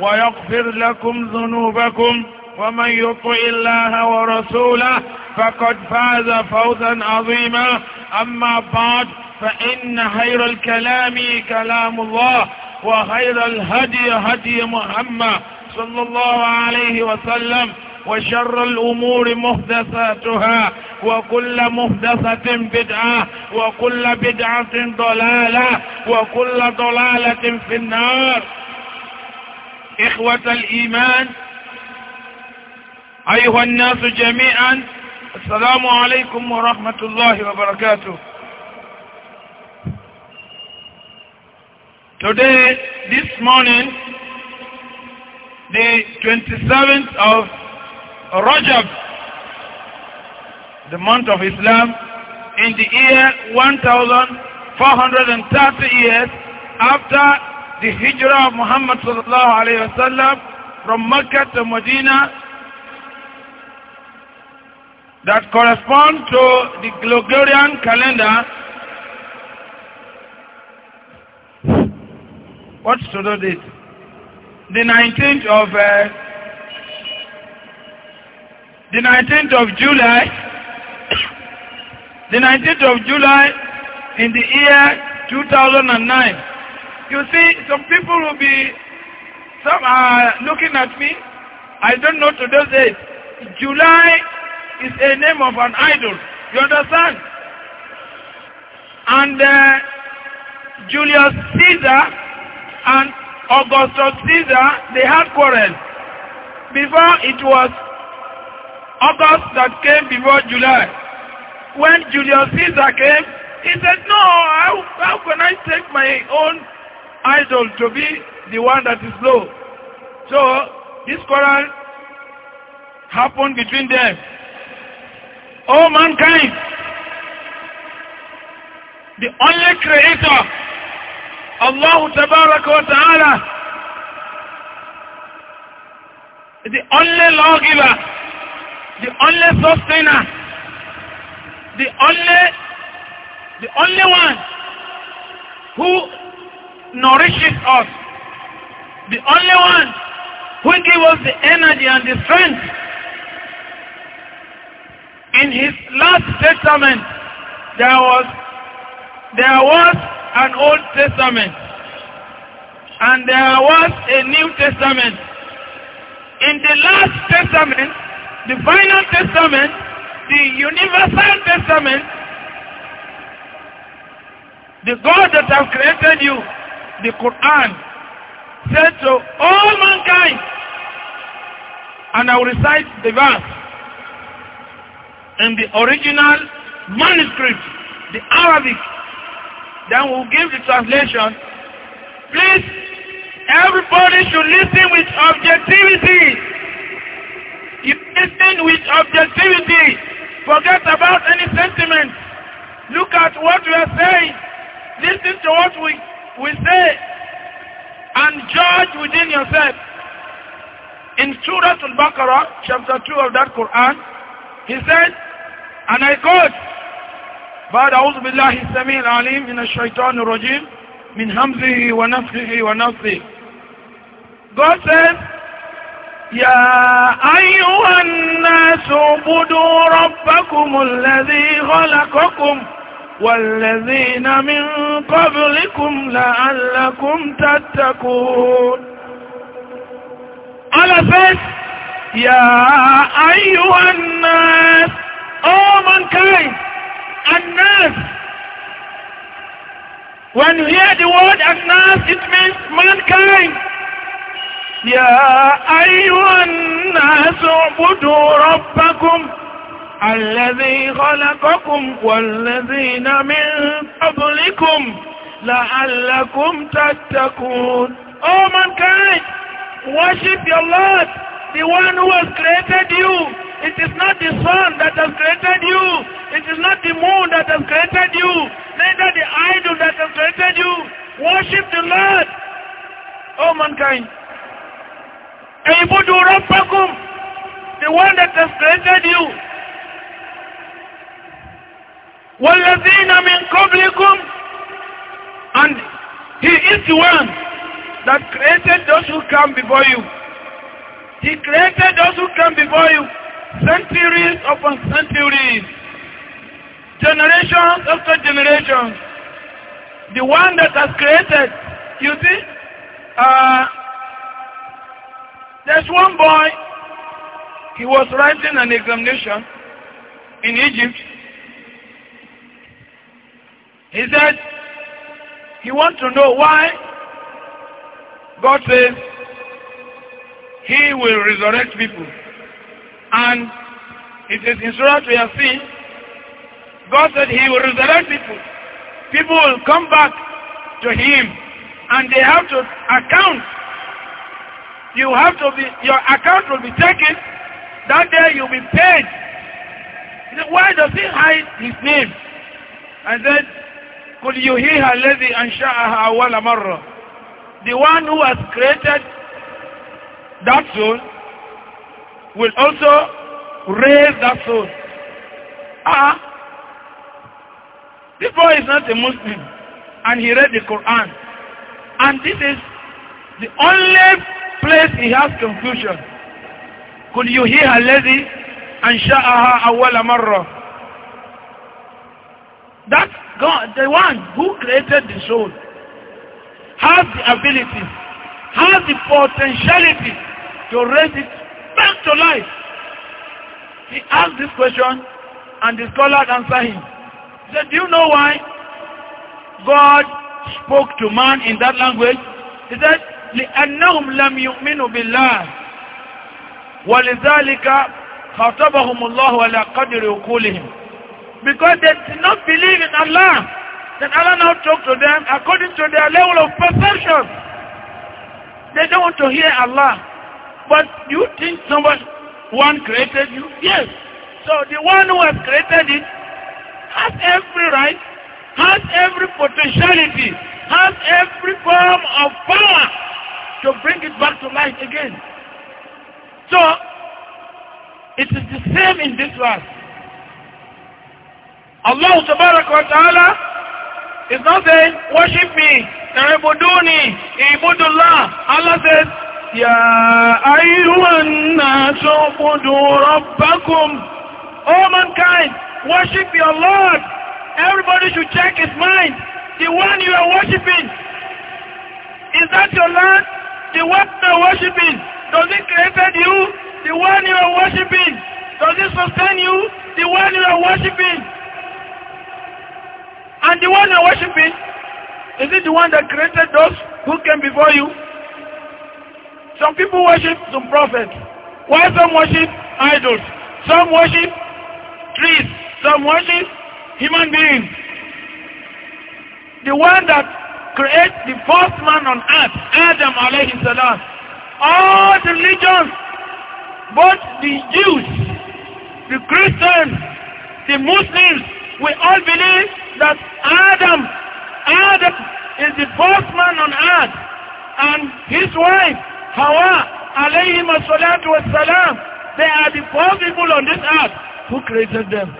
ويغفر لكم ذنوبكم ومن يطع الله ورسوله فقد فاز فوزا عظيما أما بعد فإن خير الكلام كلام الله وخير الهدي هدي محمد صلى الله عليه وسلم وشر الأمور محدثاتها وكل محدثة بدعة وكل بدعة ضلالة وكل ضلالة في النار إخوة الإيمان أيها الناس جميعا السلام عليكم ورحمة الله وبركاته Today, this morning, the 27th of Rajab, the month of Islam, in the year 1430 years after the Hijra of Muhammad sallallahu alayhi wa sallam from Mecca to Medina that correspond to the Gregorian calendar. What's today date? The 19th of uh, the 19th of July the 19th of July in the year 2009 You see, some people will be, some are looking at me. I don't know to those days. July is a name of an idol. You understand? And uh, Julius Caesar and Augustus Caesar, they had quarrel. Before it was August that came before July. When Julius Caesar came, he said, no, how, how can I take my own idol to be the one that is low. So this quarrel happened between them. All mankind, the only creator, Allah Tabaraka Ta'ala, the only lawgiver, the only sustainer, the only, the only one who nourishes us. The only one who gives us the energy and the strength. In his last testament, there was, there was an Old Testament and there was a New Testament. In the last testament, the final testament, the universal testament, the God that have created you the Quran said to all mankind, and I will recite the verse in the original manuscript, the Arabic. Then we'll give the translation. Please, everybody should listen with objectivity. You listen with objectivity. Forget about any sentiment. Look at what we are saying. Listen to what we will say and judge within yourself. In Surah Al-Baqarah, chapter 2 of that Quran, he said, and I quote, بعد أعوذ بالله السميع العليم من الشيطان الرجيم من همزه ونفخه ونفثه God says يا أيها الناس اعبدوا ربكم الذي خلقكم والذين من قبلكم لعلكم تتقون ألفت يا أيها الناس من كان الناس when you hear the word الناس it means mankind يا أيها الناس اعبدوا ربكم الذي خلقكم والذين من قبلكم لعلكم تتقون Oh mankind, worship your Lord, the one who has created you. It is not the sun that has created you. It is not the moon that has created you. Neither the idol that has created you. Worship the Lord. Oh mankind. Ebudu Rabbakum, the one that has created you. وَالَّذِينَ مِنْ قَبْلِكُمْ And he is the one that created those who come before you. He created those who come before you centuries upon centuries, generations after generations. The one that has created, you see, uh, there's one boy, he was writing an examination in Egypt He said, he wants to know why God says he will resurrect people. And it is in Surah to Yasin, God said he will resurrect people. People will come back to him and they have to account. You have to be, your account will be taken. That day you'll be paid. He said, why does he hide his name? I said, Could you hear her lady Ansha'aha awala marra? The one who has created that soul will also raise that soul. Ah, this boy is not a Muslim and he read the Quran. And this is the only place he has confusion. Could you hear her lady Ansha'aha awala marra? That God, the one who created the soul, has the ability, has the potentiality to raise it back to life. He asked this question and the scholar answered him. He said, do you know why God spoke to man in that language? He said, لأنهم لم يؤمنوا بالله ولذلك خاطبهم الله على قدر عقولهم because they did not believe in Allah. Then Allah now talk to them according to their level of perception. They don't want to hear Allah. But you think somebody, one created you? Yes. So the one who has created it has every right, has every potentiality, has every form of power to bring it back to life again. So, it is the same in this verse. Allah Subhanahu wa ta'ala is not saying, worship me, ta'ibuduni, ibudullah. Allah says, Ya ayyuhan nasu budu rabbakum. Oh mankind, worship your Lord. Everybody should check his mind. The one you are worshiping, is that your Lord? The one you are worshiping, does it created you? The one you are worshiping, does it sustain you? The one you are worshiping, And the one you're worshiping, is it the one that created those who came before you? Some people worship some prophets, Why some worship idols, some worship trees, some worship human beings. The one that created the first man on earth, Adam alayhi salam. All the religions, both the Jews, the Christians, the Muslims, we all believe that Adam, Adam is the first man on earth and his wife, Hawa, alayhim salatu wassalam, they are the first people on this earth who created them.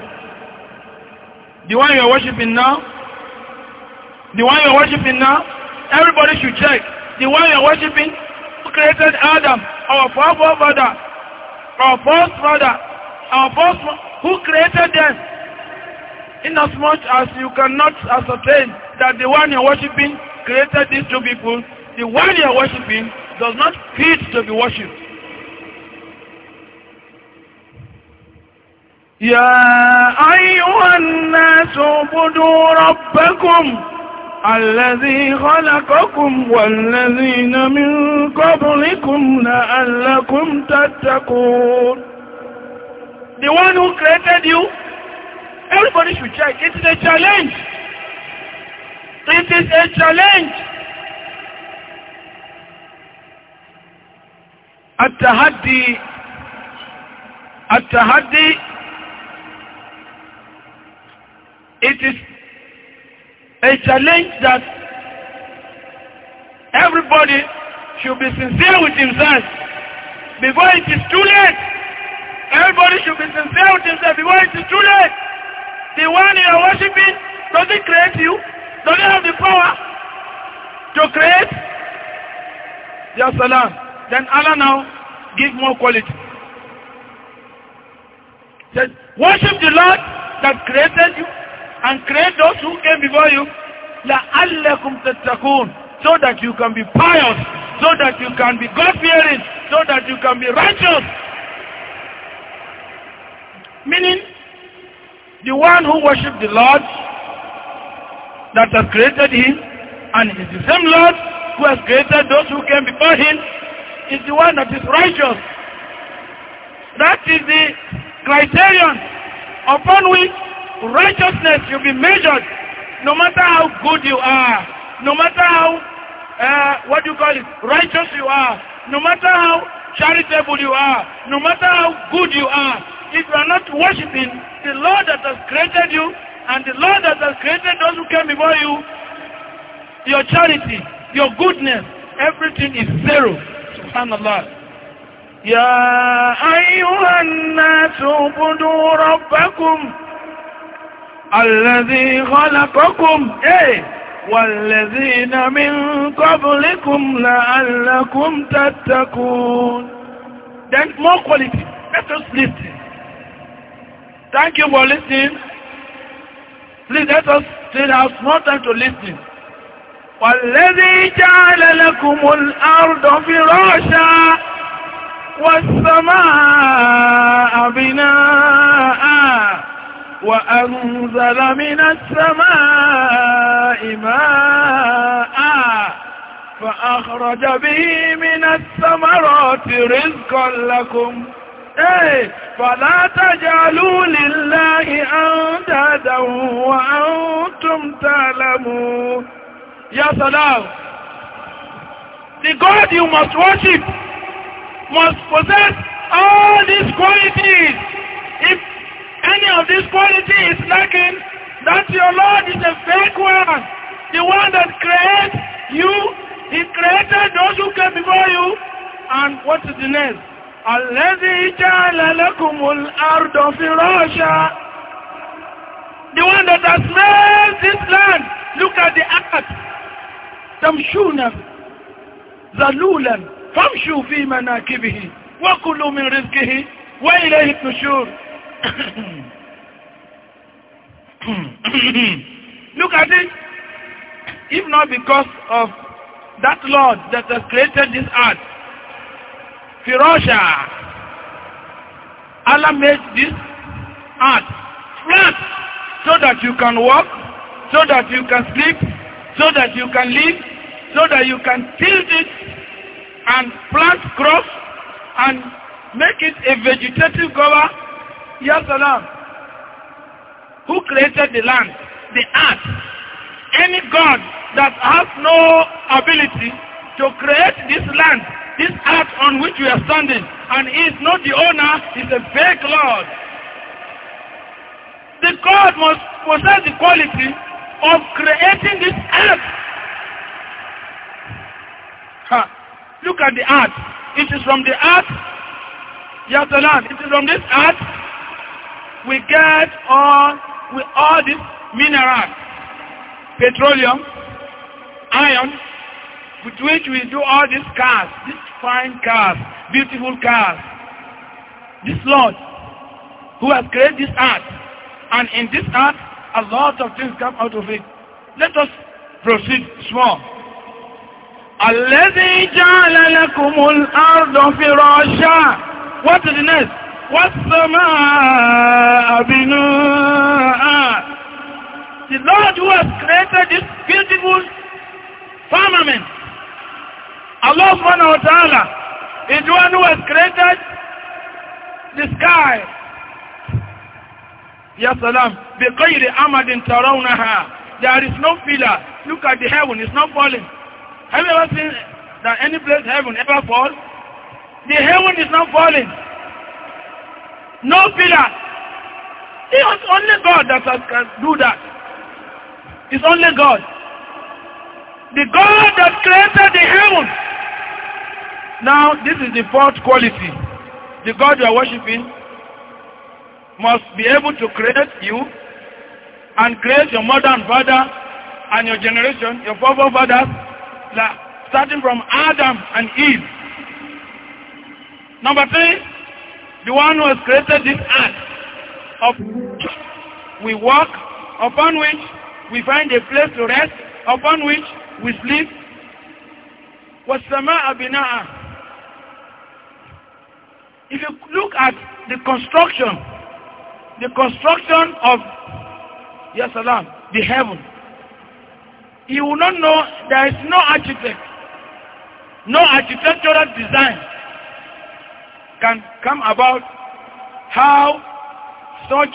The one you are worshiping now, the one you are worshiping now, everybody should check. The one you are worshiping, who created Adam, our first forefather, our first father, our first who created them Inasmuch as you cannot ascertain that the one you're worshiping created these two people, the one you're worshiping does not fit to be worshipped. يا أيها الناس اعبدوا ربكم الذي خلقكم والذين من قبلكم لعلكم تتقون The one who created you Everybody should check. It is a challenge. It is a challenge. التحدي التحدي it is a challenge that everybody should be sincere with himself before it is too late everybody should be sincere with himself before it is too late the one you are worshiping doesn't create you, doesn't have the power to create your salam. Then Allah now give more quality. Says, worship the Lord that created you and create those who came before you. لَعَلَّكُمْ تَتَّقُونَ So that you can be pious, so that you can be God-fearing, so that you can be righteous. Meaning, The one who worshipped the Lord that has created him and is the same Lord who has created those who came before him is the one that is righteous. That is the criterion upon which righteousness will be measured no matter how good you are, no matter how, uh, what you call it, righteous you are, no matter how charitable you are, no matter how good you are, if you are not worshiping the Lord that has created you and the Lord that has created those who came before you, your charity, your goodness, everything is zero. Subhanallah. يا أيها الناس اعبدوا ربكم الذي خلقكم إيه والذين من قبلكم لعلكم تتقون Then more quality. Let us listen. Thank you for listening. Please let us still have more time to listen. والذي جعل لكم الأرض فراشا والسماء بناء وأنزل من السماء ماء فأخرج به من الثمرات رزقا لكم فلا تجعلوا لله أندادا وأنتم تعلمون يا سلام The God you must worship must possess all these qualities. If any of these qualities is lacking, that your Lord is a fake one. The one that created you, He created those who came before you. And what is the name? الذي جعل لكم الأرض فراشا The one that has made this land. Look at the Akkad. تمشون ذلولا فامشوا في مناكبه وكلوا من رزقه وإليه النشور Look at it. If not because of that Lord that has created this earth, Firosha, Allah made this earth flat so that you can walk, so that you can sleep, so that you can live, so that you can till it and plant crops and make it a vegetative cover. Yes, Allah. Who created the land, the earth? Any God that has no ability to create this land this earth on which we are standing and is not the owner is a fake Lord. The God must possess the quality of creating this earth. Ha. Look at the earth. It is from the earth, Yatalan, it is from this earth we get all, we, all these minerals, petroleum, iron, with which we do all these cars, these fine cars, beautiful cars, this Lord who has created this earth. And in this earth, a lot of things come out of it. Let us proceed small. الذي جعل لكم الأرض فراشا What is the next? the بناء The Lord who has created this beautiful firmament Allah subhanahu wa ta'ala is the one who has created the sky. Ya salam. بِقَيْرِ أَمَدٍ تَرَوْنَهَا There is no pillar. Look at the heaven. It's not falling. Have you ever seen that any place heaven ever falls? The heaven is not falling. No pillar. It It's only God that can do that. It's only God. The God that created the heaven Now, this is the fourth quality. The God you are worshiping must be able to create you and create your mother and father and your generation, your forefathers, starting from Adam and Eve. Number three, the one who has created this earth of we walk, upon which we find a place to rest, upon which we sleep. وَالسَّمَاءَ بِنَاءً if you look at the construction, the construction of yes, salam, the heaven, you will not know there is no architect, no architectural design can come about how such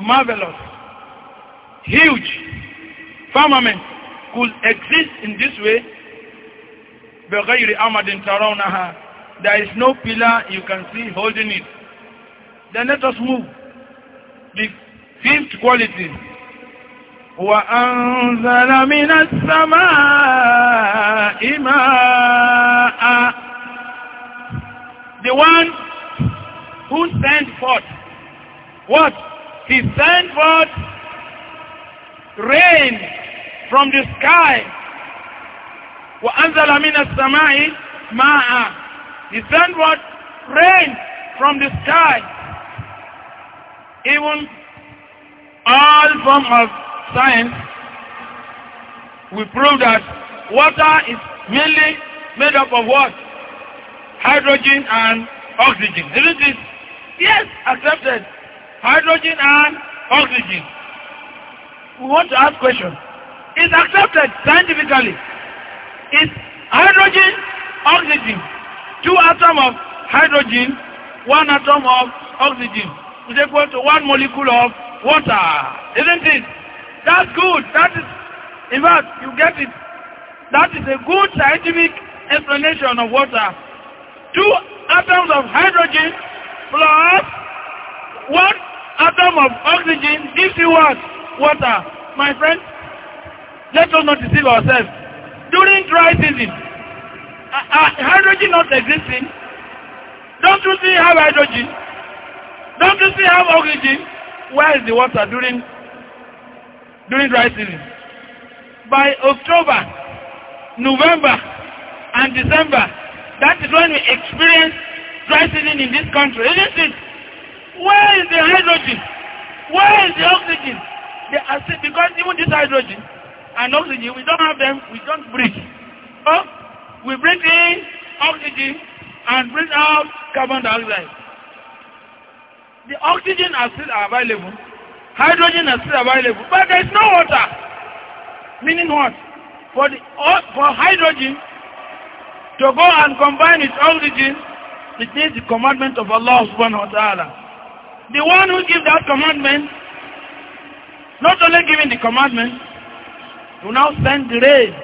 marvelous, huge firmament could exist in this way. بغير أمد ترونها There is no pillar you can see holding it. Then let us move. The fifth quality. وَأَنْزَلَ مِنَ السَّمَاءِ مَاءً The one who sent forth. What? He sent forth rain from the sky. وَأَنْزَلَ مِنَ السَّمَاءِ مَاءً He sent what? Rain from the sky. Even all form of science, we prove that water is mainly made up of what? Hydrogen and oxygen. Isn't it? Yes, accepted. Hydrogen and oxygen. We want to ask question. It's accepted scientifically. It's hydrogen, oxygen, two atoms of hydrogen, one atom of oxygen is equal to one molecule of water. Isn't it? That's good. That is, in fact, you get it. That is a good scientific explanation of water. Two atoms of hydrogen plus one atom of oxygen gives you what? Water. My friend, let us not deceive ourselves. During dry season, Ah, ah, hydrogen not existing? Don't you see have hydrogen? Don't you see have oxygen? Where is the water during during dry season? By October, November, and December, that is when we experience dry season in this country, isn't it? Where is the hydrogen? Where is the oxygen? They are sick because even this hydrogen and oxygen, we don't have them, we don't breathe. Oh, We bring in oxygen and bring out carbon dioxide. The oxygen are still available. Hydrogen are still available. But there is no water. Meaning what? For, the, for hydrogen to go and combine with oxygen, it needs the commandment of Allah subhanahu wa ta'ala. The one who gives that commandment, not only giving the commandment, will now send the rain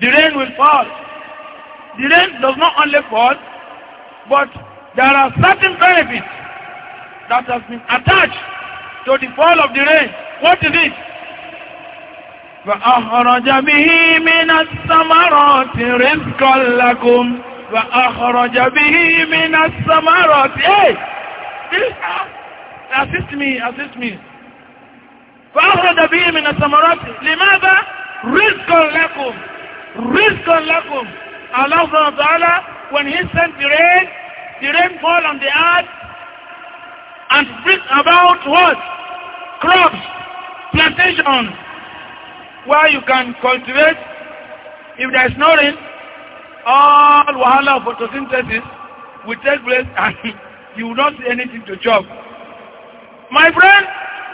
The rain will fall. The rain does not only fall, but there are certain benefits that has been attached to the fall of the rain. What is it? فأخرج به من الثمرات رزقا لكم فأخرج به من الثمرات Hey! Assist me, assist me. فأخرج به من الثمرات لماذا؟ رزقا لكم Rizqan lakum. Allah subhanahu wa ta'ala, when he sent the rain, the rain fall on the earth and bring about what? Crops, plantations, where you can cultivate. If there is no rain, all wahala of photosynthesis will take place and you will not see anything to chop. My friend,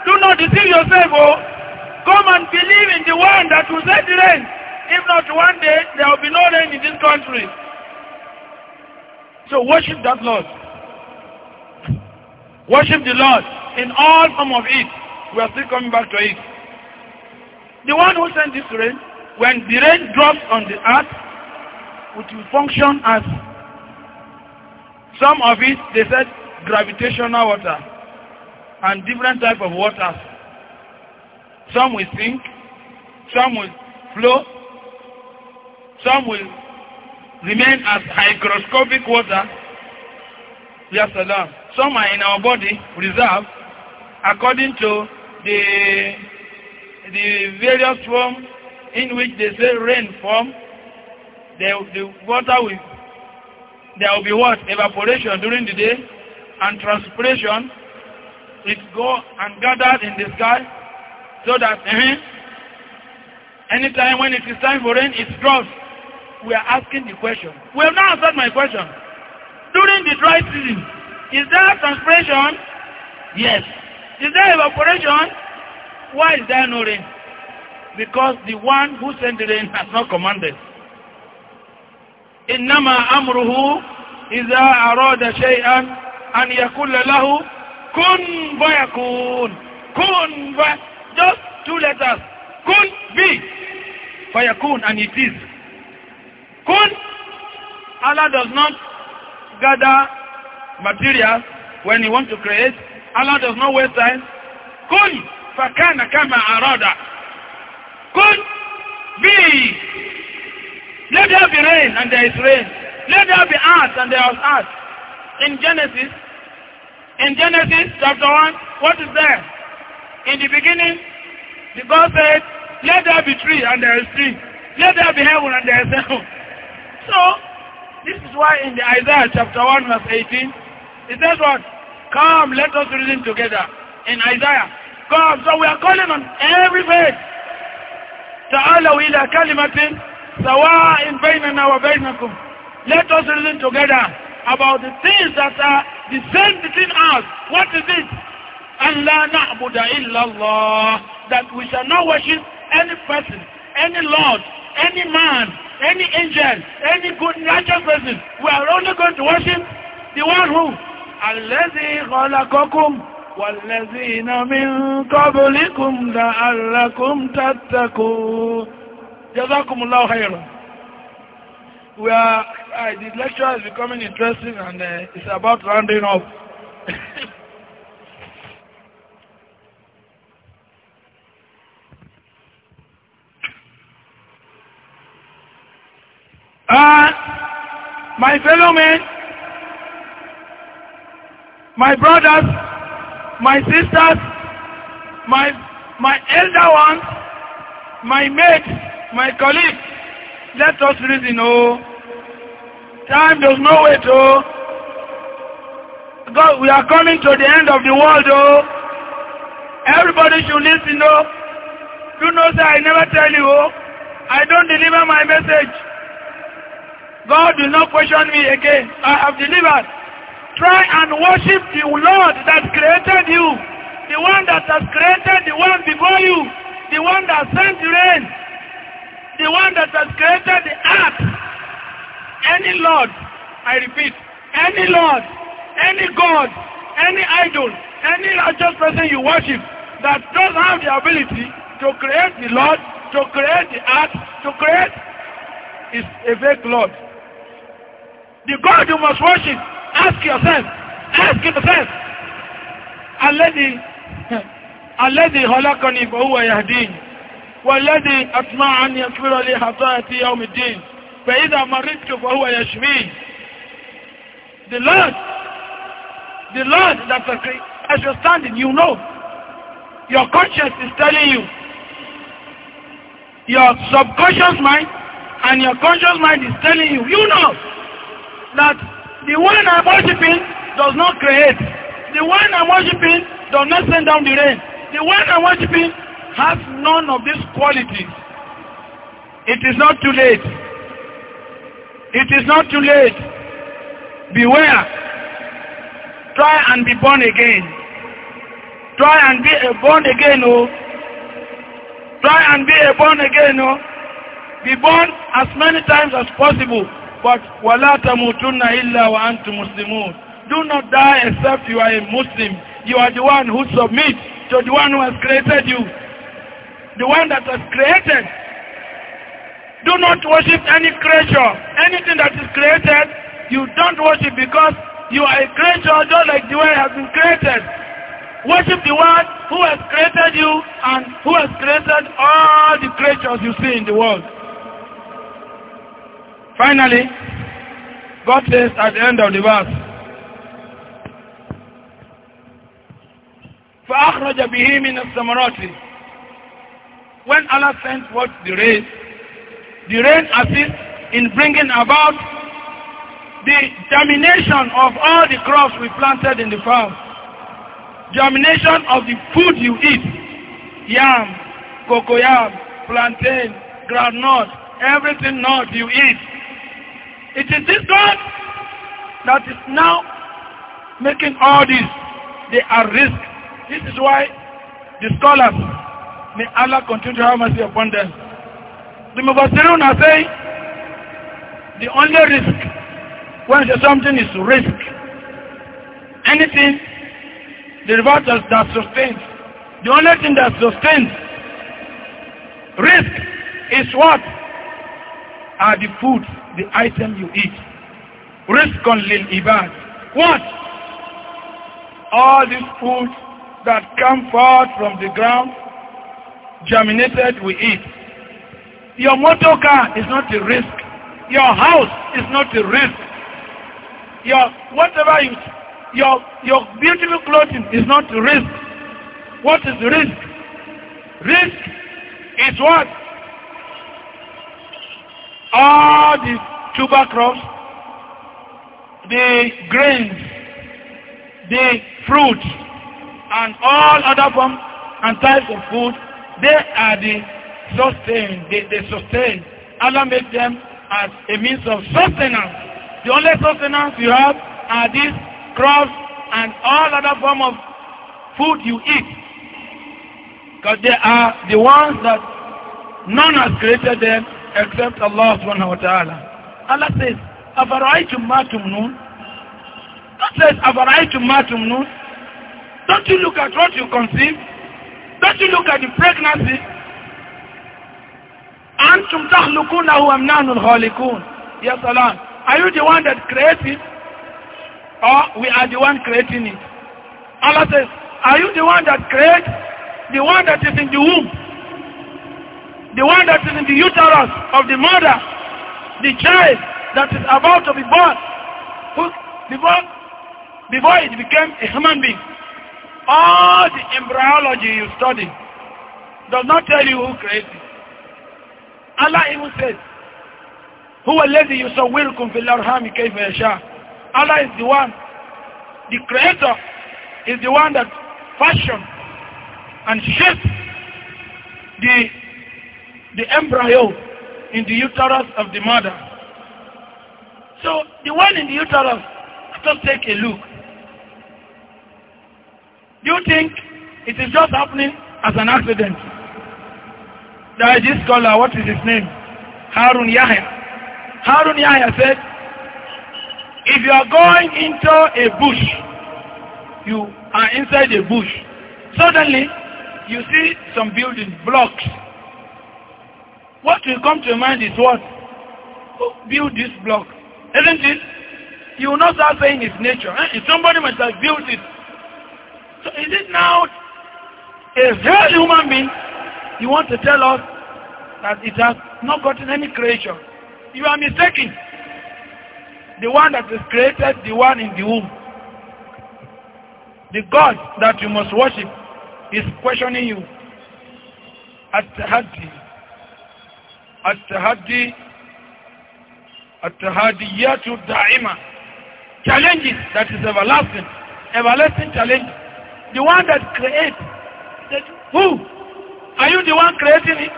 do not deceive yourself. Oh. Come and believe in the one that will set the rain. If not, one day there will be no rain in this country. So worship that Lord. Worship the Lord in all form of it. We are still coming back to it. The one who sent this rain, when the rain drops on the earth, it will function as some of it, they said gravitational water and different type of waters. Some will sink, some will flow, Some will remain as hygroscopic water. Yes, salam. Some are in our body, reserved, according to the the various form in which they say rain form. The, the water will there will be what evaporation during the day and transpiration. It go and gather in the sky so that uh -huh, anytime when it is time for rain, it drops we are asking the question. We have not answered my question. During the dry season, is there transpiration? Yes. Is there evaporation? Why is there no rain? Because the one who sent the rain has not commanded. إنما amruhu, إذا arada shay'an an yakulla له kun فيكون Kun في just two letters Kun be فيكون and it is Food, Allah does not gather material when he wants to create. Allah does not waste time. Kun fakana kama arada. Kun be. Let there be rain and there is rain. Let there be earth and there is earth. In Genesis, in Genesis chapter 1, what is there? In the beginning, the God said, let there be tree and there is tree. Let there be heaven and there is heaven. So, this is why in the Isaiah chapter 1 verse 18, it says what? Come, let us reason together. In Isaiah. Come, so we are calling on every faith. تعالوا إلى كلمة سواء بيننا وبينكم. Let us reason together about the things that are the same between us. What is it? أن لا نعبد إلا الله. That we shall not worship any person, any Lord, any man, any angel, any good natural person, we are only going to worship the one who, الذي خلقكم والذين من قبلكم لعلكم تتقون جزاكم الله خيرا we are, uh, the lecture is becoming interesting and uh, it's about rounding off. And uh, my fellow men, my brothers, my sisters, my, my elder ones, my mates, my colleagues, let us reason, oh. Time does no wait, oh. God, we are coming to the end of the world, oh. Everybody should listen, oh. You know, sir, I never tell you, oh. I don't deliver my message. God will not question me again. I have delivered. Try and worship the Lord that created you, the one that has created the one before you, the one that sent the rain, the one that has created the earth. Any Lord, I repeat, any Lord, any God, any idol, any righteous person you worship that does have the ability to create the Lord, to create the earth, to create is a fake Lord. The God you must worship, ask yourself, ask yourself, الذي الذي خلقني فهو يهديني والذي أسمع أن يغفر لي خطاياي يوم الدين فإذا مرضت فهو يشفيني The Lord, the Lord that as you're standing, you know. Your conscience is telling you. Your subconscious mind and your conscious mind is telling you, you know that the one I'm worshiping does not create. The one I'm worshiping does not send down the rain. The one I'm worshiping has none of these qualities. It is not too late. It is not too late. Beware. Try and be born again. Try and be a born again, oh. Try and be a born again, oh. Be born as many times as possible. But wala tamutunna illa wa antum muslimun. Do not die except you are a Muslim. You are the one who submits to the one who has created you. The one that has created. Do not worship any creature. Anything that is created, you don't worship because you are a creature just like the way it has been created. Worship the one who has created you and who has created all the creatures you see in the world. Finally, God says at the end of the verse, فَأَخْرَجَ بِهِ مِنَ الثَّمَرَاتِ When Allah sent what? The rain. The rain assists in bringing about the germination of all the crops we planted in the farm. Germination of the food you eat. Yam, cocoyam, plantain, groundnut, everything nut you eat It is this God that is now making all this. They are risk. This is why the scholars, may Allah continue to have mercy upon them. The Mubassirun are saying, the only risk when something is risk, anything the reward that sustains, the only thing that sustains risk is what are the foods the item you eat. risk on lil ibad. What? All this food that come forth from the ground, germinated we eat. Your motor car is not a risk. Your house is not a risk. Your whatever you, your your beautiful clothing is not a risk. What is risk? Risk is what all the tuber crops, the grains, the fruits, and all other forms and types of food, they are the sustain, they, they sustain. Allah made them as a means of sustenance. The only sustenance you have are these crops and all other forms of food you eat. Because they are the ones that none has created them except Allah subhanahu wa ta'ala. Allah says, Avaraitum matumnun. God says, Avaraitum matumnun. Don't you look at what you conceive? Don't you look at the pregnancy? Antum takhlukunahu amnanul khalikun. Yes, Allah. Are you the one that created it? Or we are the one creating it? Allah says, are you the one that creates the one that is in the womb? the one that is in the uterus of the mother, the child that is about to be born, who, before, before it became a human being. All the embryology you study does not tell you who created it. Allah even says, هو الذي يصوركم في الأرحام كيف يشاء Allah is the one, the creator is the one that fashioned and shaped the the embryo in the uterus of the mother. So the one in the uterus, just take a look. Do you think it is just happening as an accident? There is this scholar, what is his name? Harun Yahya. Harun Yahya said, if you are going into a bush, you are inside a bush, suddenly you see some building blocks What will come to your mind is what? Oh, build this block. Isn't it? You will not start saying it's nature. Eh? If somebody must have built it. So is it now a real human being? You want to tell us that it has not gotten any creation. You are mistaken. The one that is created, the one in the womb. The God that you must worship is questioning you. At, at the, التحدي التحديات الدائمة challenges that is everlasting everlasting challenge the one that creates that who are you the one creating it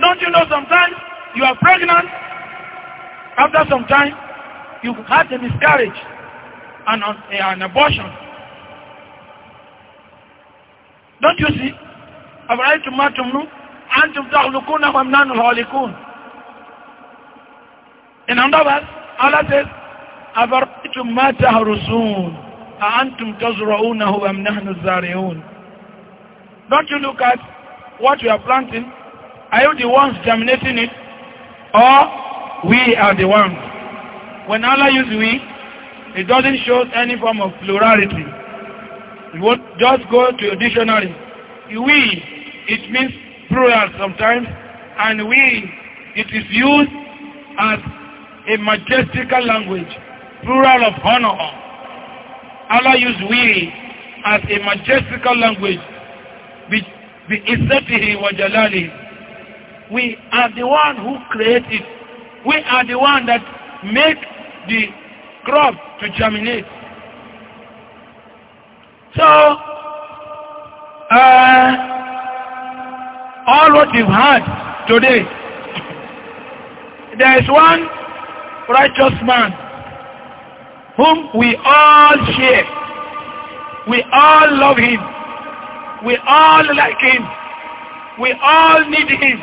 don't you know sometimes you are pregnant after some time you had a miscarriage and an abortion don't you see I've right to matter antum takhluquna wa nahnu khaliqun inandaba Allah says afaraitum ma tahrusun a antum tazra'unahu am nahnu zari'un don't you look at what you are planting are you the ones germinating it or we are the ones when Allah uses we it doesn't show any form of plurality you would just go to a dictionary we it means plural sometimes, and we, it is used as a majestical language, plural of honor. Allah used we as a majestical language, بِإِسَّتِهِ Jalali. We are the one who created. We are the one that make the crop to germinate. So, uh, all what you've heard today. There is one righteous man whom we all share. We all love him. We all like him. We all need him.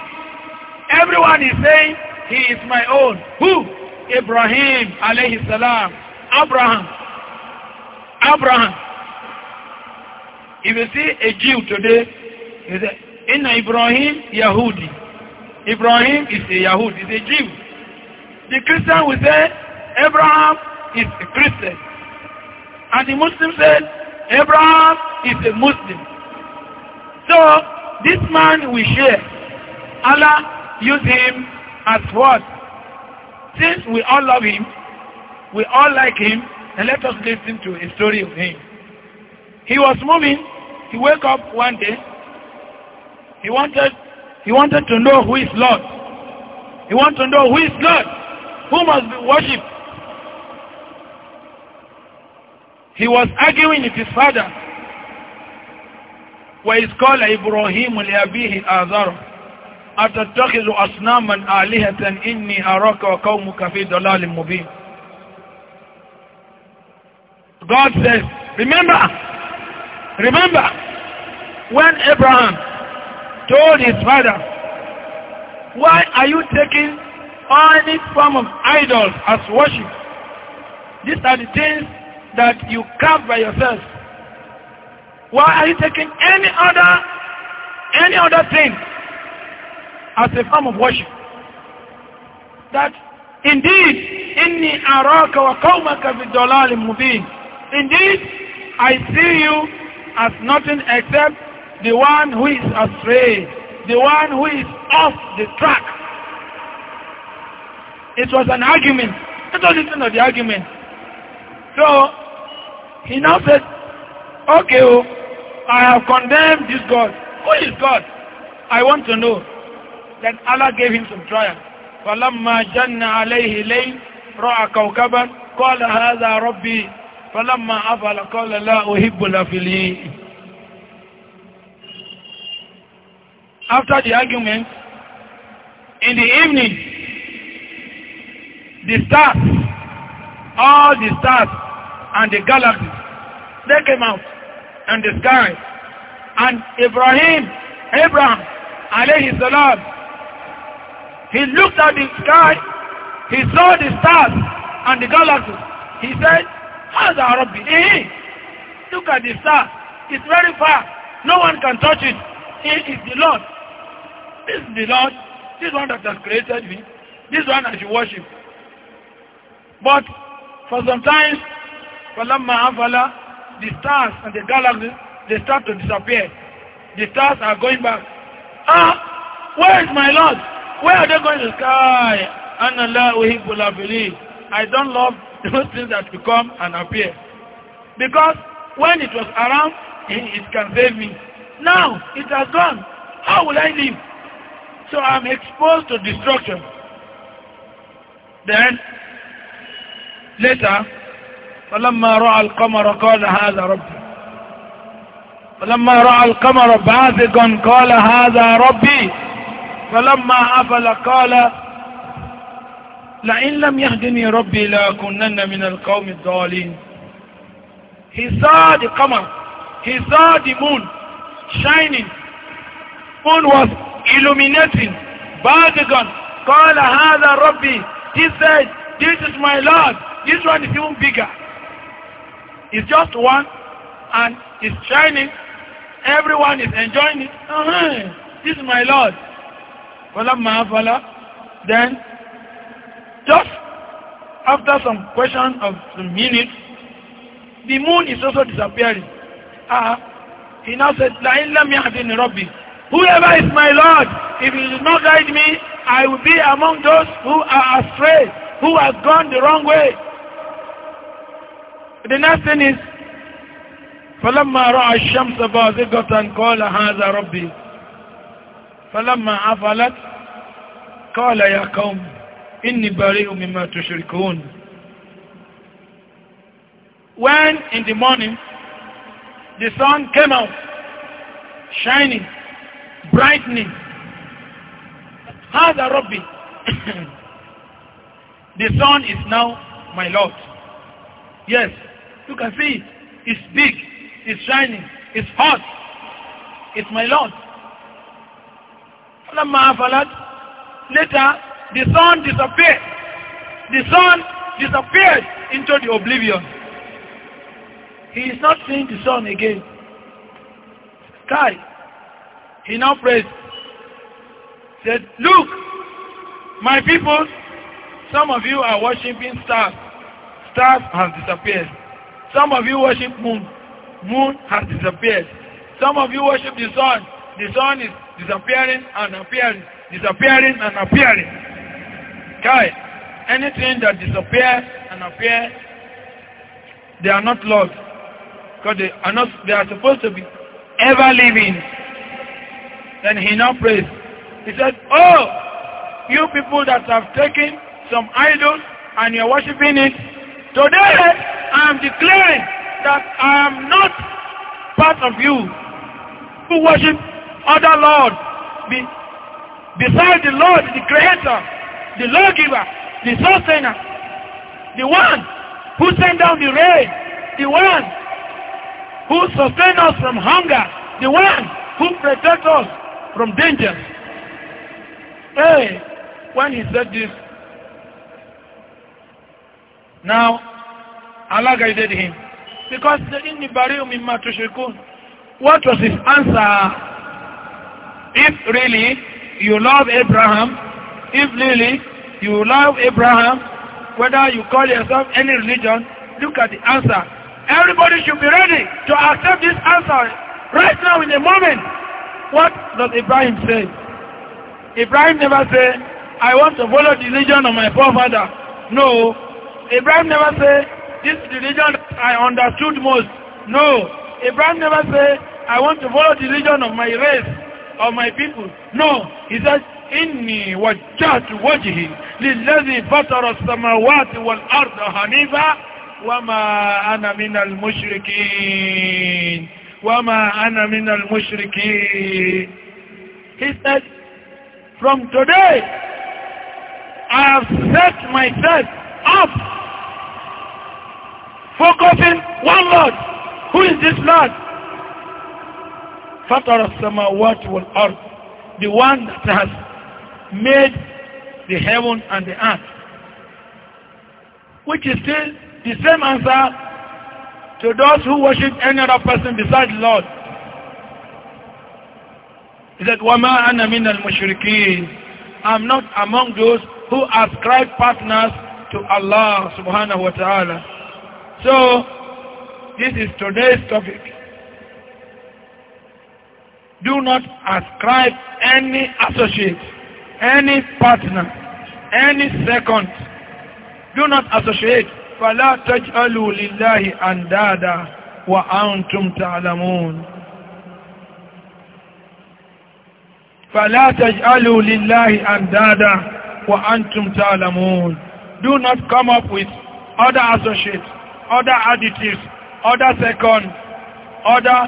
Everyone is saying, he is my own. Who? Ibrahim alayhi salam. Abraham. Abraham. If you see a Jew today, you say, Inna Ibrahim Yahudi. Ibrahim is a Yahudi, is a Jew. The Christian will say, Abraham is a Christian. And the Muslim said, Abraham is a Muslim. So, this man we share. Allah used him as what? Since we all love him, we all like him, and let us listen to a story of him. He was moving. He woke up one day He wanted, he wanted to know who is Lord. He wanted to know who is Lord, who must be worshipped. He was arguing with his father. where وَإِذْ قَالَ إِبْرَاهِيمُ لِأَبِيهِ آذَرَ أَتَتَّخِذُ أَصْنَامًا آلِهَةً إِنِّي أَرَاكَ وَقَوْمُكَ فِي ضَلَالٍ مُبِينٍ God says, remember, remember, when Abraham told his father, Why are you taking any form of idols as worship? These are the things that you carve by yourself. Why are you taking any other any other thing as a form of worship? That indeed, inni araka wa qawmaka fi dhalalin Indeed, I see you as nothing except the one who is astray, the one who is off the track. It was an argument. Let us listen to the argument. So, he now said, okay, oh, I have condemned this God. Who is God? I want to know. Then Allah gave him some trial. فَلَمَّا جَنَّ عَلَيْهِ لَيْلٍ رَأَ كَوْكَبًا قَالَ هَذَا رَبِّي فَلَمَّا أَفَلَ قَالَ لَا أُحِبُّ الْأَفِلِينَ after the argument, in the evening, the stars, all the stars and the galaxies, they came out and the sky. And Ibrahim, Abraham, alayhi salam, he looked at the sky, he saw the stars and the galaxies. He said, How's our Rabbi? Hey, eh, look at the star. It's very far. No one can touch it. It is the Lord. This is the Lord, this one that has created me, this one I should worship. But for sometimes, Falamma Avala, the stars and the galaxies, they start to disappear. The stars are going back. Ah, where is my Lord? Where are they going to the sky? I don't love those things that become and appear. Because when it was around, it can save me. Now, it has gone. How will I live? So I'm exposed to destruction. Then, later, فلما رأى القمر قال هذا ربي فلما رأى القمر باذقا قال هذا ربي فلما أفل قال لئن لم يهدني ربي لأكونن من القوم الضالين He saw the قمر He saw the moon shining. Moon was illuminating, Vatican, Qala hadha Rabbi. He said, this is my Lord. This one is even bigger. It's just one and it's shining. Everyone is enjoying it. Uh -huh. This is my Lord. Fala ma'afala. Then, just after some question of some minutes, the moon is also disappearing. Uh, he now said, La illa mi rabbi. Whoever is my Lord, if he does not guide me, I will be among those who are astray, who have gone the wrong way. The next thing is, فلما رأى الشمس بازغة قال هذا ربي فلما عفلت قال يا قوم إني بريء مما تشركون When in the morning the sun came out shining brightening هذا ربي the sun is now my Lord yes you can see it it's big it's shining it's hot it's my Lord فلما أفلت later the sun disappeared the sun disappeared into the oblivion he is not seeing the sun again Sky. He now prayed. said, look, my people, some of you are worshiping stars. Stars have disappeared. Some of you worship moon. Moon has disappeared. Some of you worship the sun. The sun is disappearing and appearing, disappearing and appearing. Guy, anything that disappears and appears, they are not Lord. Because they are not, they are supposed to be ever living Then he now prays. He said, Oh, you people that have taken some idols and you're worshiping it, today I am declaring that I am not part of you who worship other Lord be, besides the Lord, the Creator, the Lawgiver, the Sustainer, the one who sent down the rain, the one who sustains us from hunger, the one who protects us from danger. Hey, when he said this, now Allah guided him. Because in the inni bari'u mimma tushrikun. What was his answer? If really you love Abraham, if really you love Abraham, whether you call yourself any religion, look at the answer. Everybody should be ready to accept this answer right now in the moment what does Ibrahim say? Ibrahim never say, I want to follow the religion of my forefather. No. Ibrahim never say, this religion I understood most. No. Ibrahim never say, I want to follow the religion of my race, of my people. No. He says, "Inni said, إني وجهت وجهي للذي فطر السماوات والأرض حنيفا وما أنا من المشركين wama ana minal mushriki. He said, from today, I have set myself up, focusing one Lord. Who is this Lord? Father Samawat wal Earth, the one that has made the heaven and the earth. Which is still the same answer to those who worship any other person besides the Lord. He said, وَمَا أَنَا مِنَ الْمُشْرِكِينَ I'm not among those who ascribe partners to Allah subhanahu wa ta'ala. So, this is today's topic. Do not ascribe any associate, any partner, any second. Do not associate فلا تجعلوا لله أندادا وأنتم تعلمون فلا تجعلوا لله أندادا وأنتم تعلمون Do not come up with other associates, other additives, other second, other,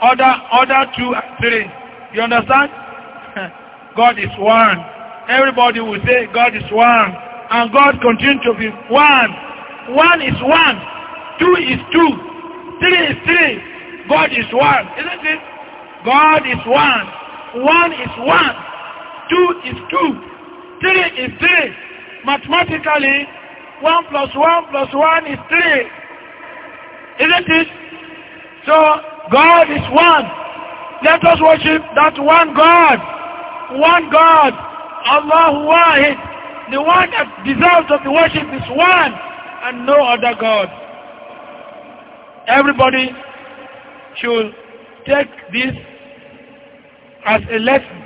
other, other two, three. You understand? God is one. Everybody will say God is one and God continues to be one. One is one. Two is two. Three is three. God is one. Isn't it? God is one. One is one. Two is two. Three is three. Mathematically, one plus one plus one is three. Isn't it? So, God is one. Let us worship that one God. One God. Allah Wahid. The one that deserves to be worshipped is one and no other God. Everybody should take this as a lesson.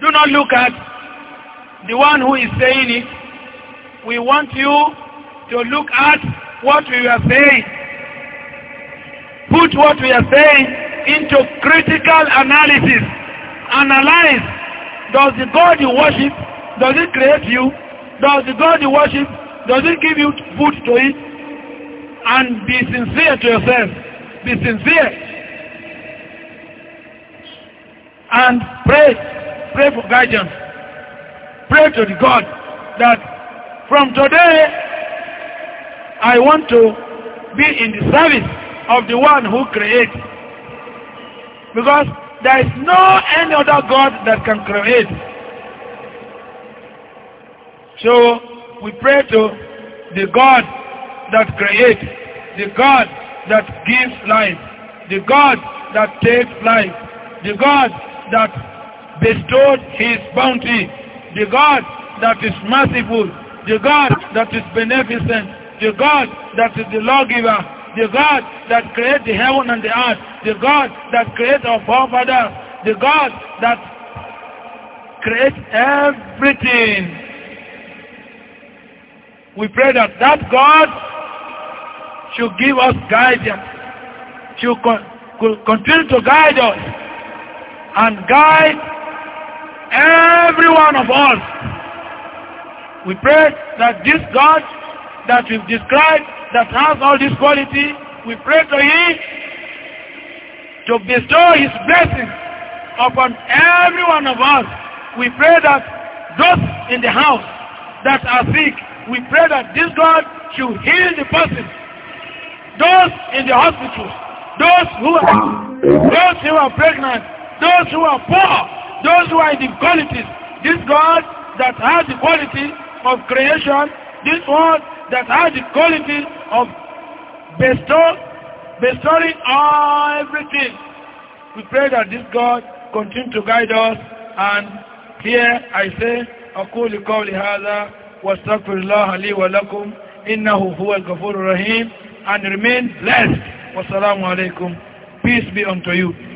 Do not look at the one who is saying it. We want you to look at what we are saying. Put what we are saying into critical analysis. Analyze, does the God you worship Does it create you? Does the God you worship, does it give you food to eat? And be sincere to yourself. Be sincere. And pray. Pray for guidance. Pray to the God that from today I want to be in the service of the one who creates. Because there is no any other God that can create. So we pray to the God that creates, the God that gives life, the God that takes life, the God that bestows his bounty, the God that is merciful, the God that is beneficent, the God that is the lawgiver, the God that creates the heaven and the earth, the God that creates our forefathers, the God that creates everything We pray that that God should give us guidance, should con continue to guide us and guide every one of us. We pray that this God that we've described, that has all this quality, we pray to Him to bestow His blessing upon every one of us. We pray that those in the house that are sick, we pray that this God should heal the person, those in the hospital, those who are, those who are pregnant, those who are poor, those who are in the qualities. This God that has the quality of creation, this one that has the quality of bestow, bestowing all everything. We pray that this God continue to guide us and here I say, أقول قولي هذا واستغفر الله لي ولكم إنه هو الغفور الرحيم and remain blessed. Wassalamu alaikum. Peace be unto you.